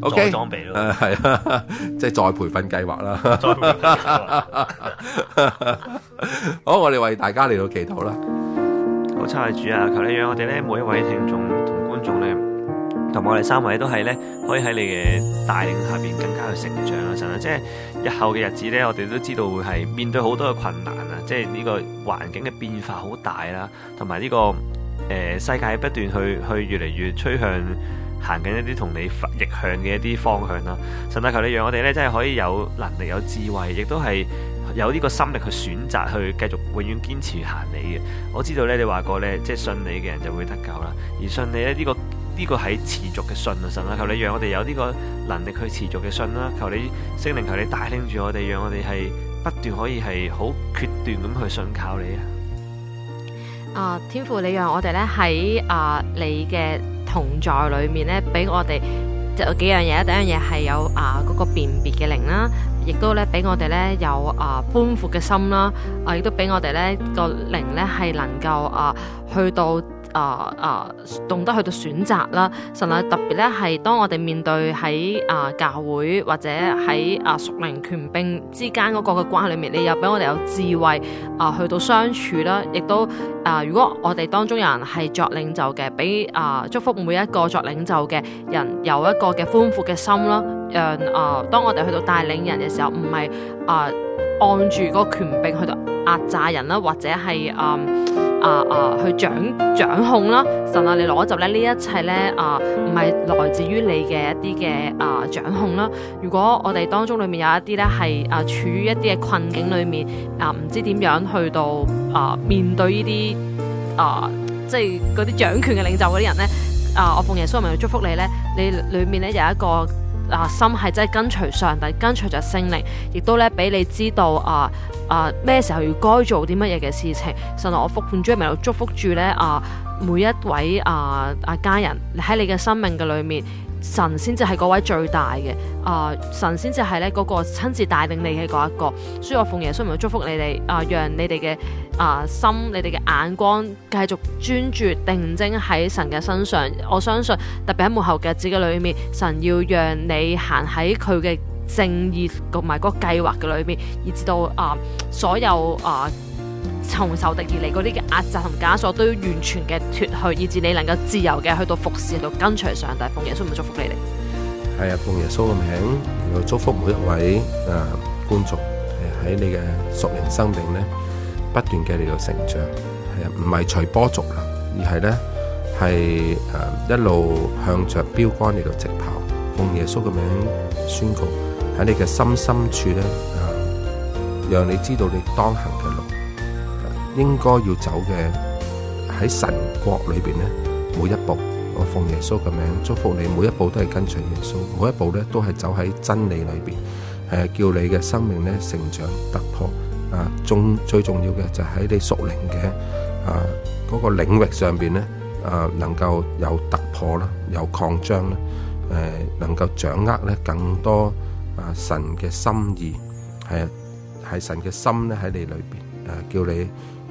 Speaker 2: ？O K，裝備咯，係 *laughs* 啊，即係再培訓計劃啦。 *laughs* 好，我哋為大家嚟到祈禱啦。好，差主啊，求你
Speaker 1: 讓我哋咧每一位聽眾同觀眾咧。同埋我哋三位都係咧，可以喺你嘅帶領下邊更加去成長啊！神啊，即係日後嘅日子咧，我哋都知道會係面對好多嘅困難啊！即係呢個環境嘅變化好大啦，同埋呢個誒、呃、世界不斷去去越嚟越趨向行緊一啲同你逆向嘅一啲方向啦！神啊，求你讓我哋咧，真係可以有能力、有智慧，亦都係有呢個心力去選擇去繼續永遠堅持行你嘅。我知道咧，你話過咧，即係信你嘅人就會得救啦，而信你咧呢、呢個。呢、這個喺持續嘅信啊，神啊！求你讓我哋有呢個能力去持續嘅信啦！求你聖靈，求你帶領住我哋，讓我哋係不斷可以係好決斷咁去信靠你啊！
Speaker 3: 啊、呃，天父，你讓我哋咧喺啊你嘅同在裏面咧，俾我哋有幾樣嘢，第一樣嘢係有啊嗰、呃那個辨別嘅靈啦，亦都咧俾我哋咧有啊、呃、寬闊嘅心啦，啊、呃、亦都俾我哋咧、那個靈咧係能夠啊、呃、去到。啊啊，懂、啊、得去到選擇啦，甚至特別咧，係當我哋面對喺啊教會或者喺啊屬靈權柄之間嗰個嘅關係裏面，你又俾我哋有智慧啊去到相處啦，亦都啊，如果我哋當中有人係作領袖嘅，俾啊祝福每一個作領袖嘅人有一個嘅寬闊嘅心啦，讓啊當我哋去到帶領人嘅時候，唔係啊按住個權柄去到壓榨人啦，或者係嗯。啊啊啊，去掌掌控啦！神啊，你攞走咧，呢一切咧啊，唔係來自於你嘅一啲嘅啊掌控啦。如果我哋當中裏面有一啲咧係啊處於一啲嘅困境裏面啊，唔知點樣去到啊面對呢啲啊即係嗰啲掌權嘅領袖嗰啲人咧啊，我奉耶穌名祝福你咧，你裏面咧有一個。啊，心係真係跟隨上帝，跟隨着聖靈，亦都咧俾你知道啊啊咩時候要該做啲乜嘢嘅事情。神啊，我福伴住喺度，祝福住咧啊每一位啊啊家人喺你嘅生命嘅裏面。神先至係嗰位最大嘅，啊、呃、神先至係咧嗰個親自帶領你嘅嗰一個。所以我奉耶穌名祝福你哋，啊、呃，讓你哋嘅啊心、你哋嘅眼光繼續專注定睛喺神嘅身上。我相信，特別喺幕後日子嘅裏面，神要讓你行喺佢嘅正義同埋嗰個計劃嘅裏面，以至到啊、呃、所有啊。呃從仇敵而嚟嗰啲嘅壓榨同枷鎖都要完全嘅脫去，以至你能夠自由嘅去到服侍。去到跟隨上帝。奉耶穌，唔祝福你哋。
Speaker 2: 係啊，奉耶穌嘅名，我祝福每一位啊觀眾，喺你嘅屬靈生命咧，不斷嘅嚟到成長，係啊，唔係隨波逐流，而係咧係誒一路向着標杆嚟到直跑。奉耶穌嘅名宣告喺你嘅心深，深處咧，啊，讓你知道你當行嘅。應該要走嘅喺神國裏邊咧，每一步我奉耶穌嘅名祝福你，每一步都係跟隨耶穌，每一步咧都係走喺真理裏邊。誒，叫你嘅生命咧成長突破啊！仲最重要嘅就喺你屬靈嘅啊嗰個領域上邊咧啊，能夠有突破啦，有擴張啦，誒能夠掌握咧更多啊神嘅心意，係啊係神嘅心咧喺你裏邊誒，叫你。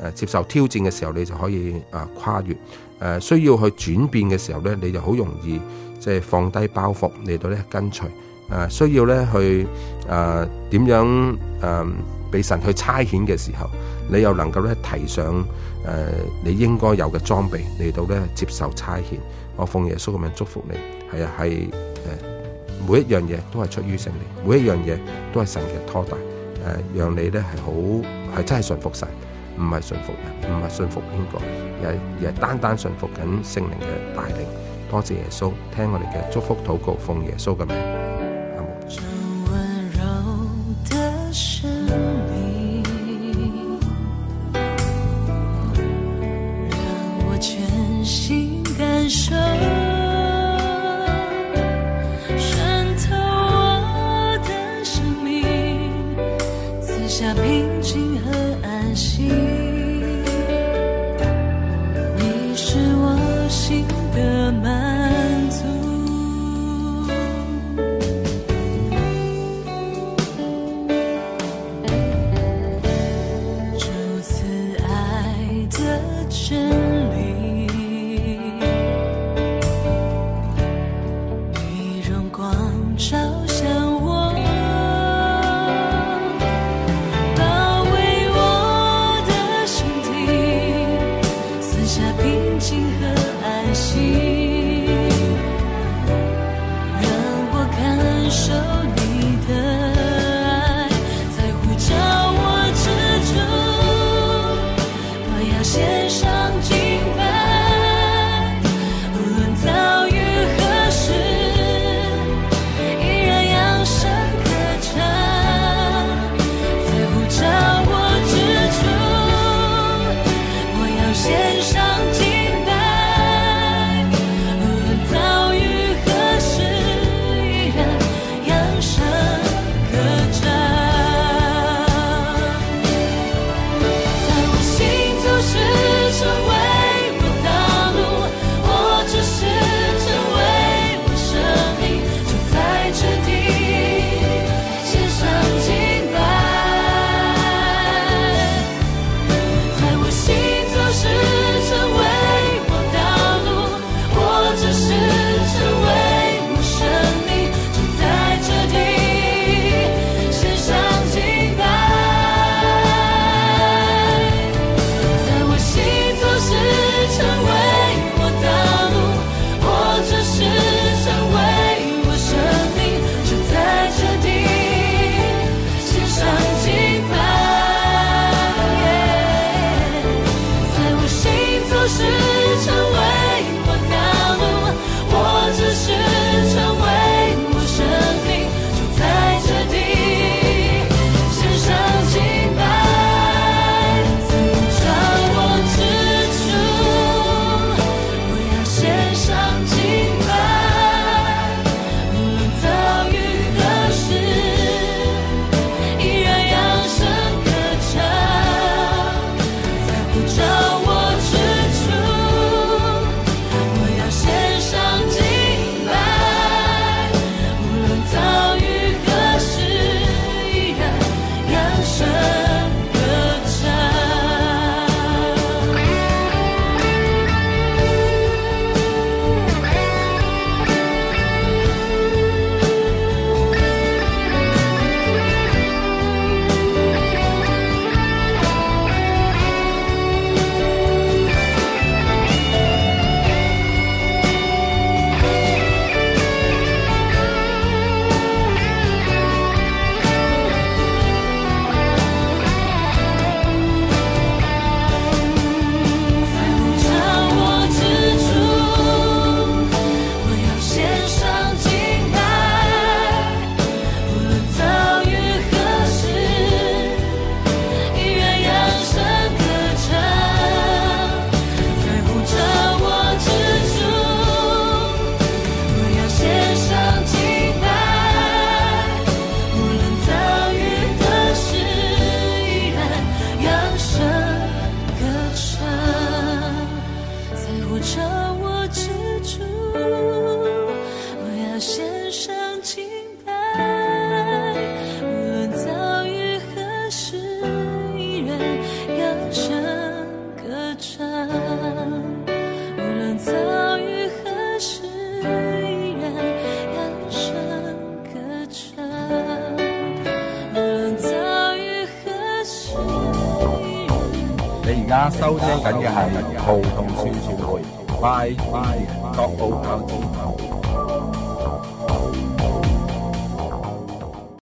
Speaker 2: 誒、啊、接受挑戰嘅時候，你就可以誒、啊、跨越；誒、啊、需要去轉變嘅時候咧，你就好容易即係放低包袱嚟到咧跟隨；誒、啊、需要咧去誒點、啊、樣誒俾、啊、神去差遣嘅時候，你又能夠咧提上誒、啊、你應該有嘅裝備嚟到咧接受差遣。我奉耶穌咁樣祝福你，係啊，係誒每一樣嘢都係出於神，每一樣嘢都係神嘅拖帶，誒、啊、讓你咧係好係真係順服神。唔係順服人，唔係順服邊個，而係而係單單順服緊聖靈嘅帶領。多謝耶穌，聽我哋嘅祝福禱告，奉耶穌嘅名。